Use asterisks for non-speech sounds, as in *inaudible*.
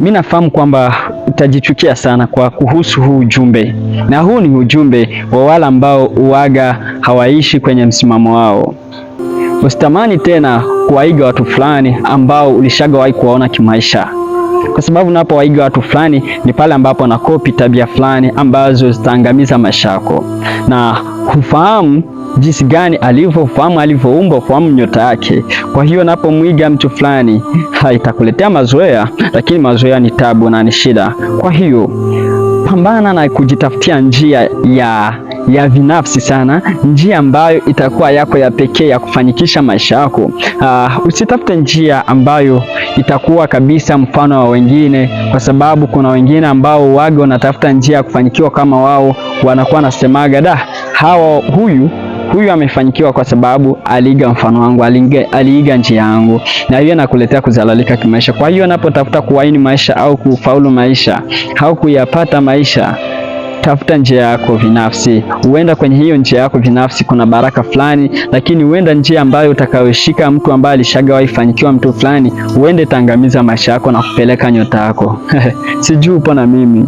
mi nafahamu kwamba utajichukia sana kwa kuhusu huu ujumbe, na huu ni ujumbe wa wale ambao uwaga hawaishi kwenye msimamo wao. Usitamani tena kuwaiga watu fulani ambao ulishagawahi kuwaona kimaisha, kwa sababu unapowaiga watu fulani ni pale ambapo nakopi tabia fulani ambazo zitaangamiza maisha yako na hufahamu jinsi gani alivyofahamu, alivyoumbwa, fahamu nyota yake. Kwa hiyo napomwiga mtu fulani haitakuletea mazoea, lakini mazoea ni tabu na ni shida. Kwa hiyo pambana na kujitafutia njia ya ya binafsi sana, njia ambayo itakuwa yako ya pekee ya kufanikisha maisha yako. Uh, usitafute njia ambayo itakuwa kabisa mfano wa wengine, kwa sababu kuna wengine ambao wage wanatafuta njia ya kufanikiwa kama wao, wanakuwa nasemaga da hawa huyu huyu amefanikiwa kwa sababu aliiga mfano wangu, aliiga, njia yangu, na hiyo nakuletea kuzalalika kimaisha. Kwa hiyo anapotafuta kuwaini maisha au kufaulu maisha au kuyapata maisha Tafuta njia yako binafsi. Huenda kwenye hiyo njia yako binafsi kuna baraka fulani, lakini huenda njia ambayo utakayoshika mtu ambaye alishagawahi fanikiwa, mtu fulani, huenda itaangamiza maisha yako na kupeleka nyota yako. *laughs* Sijui upo na mimi.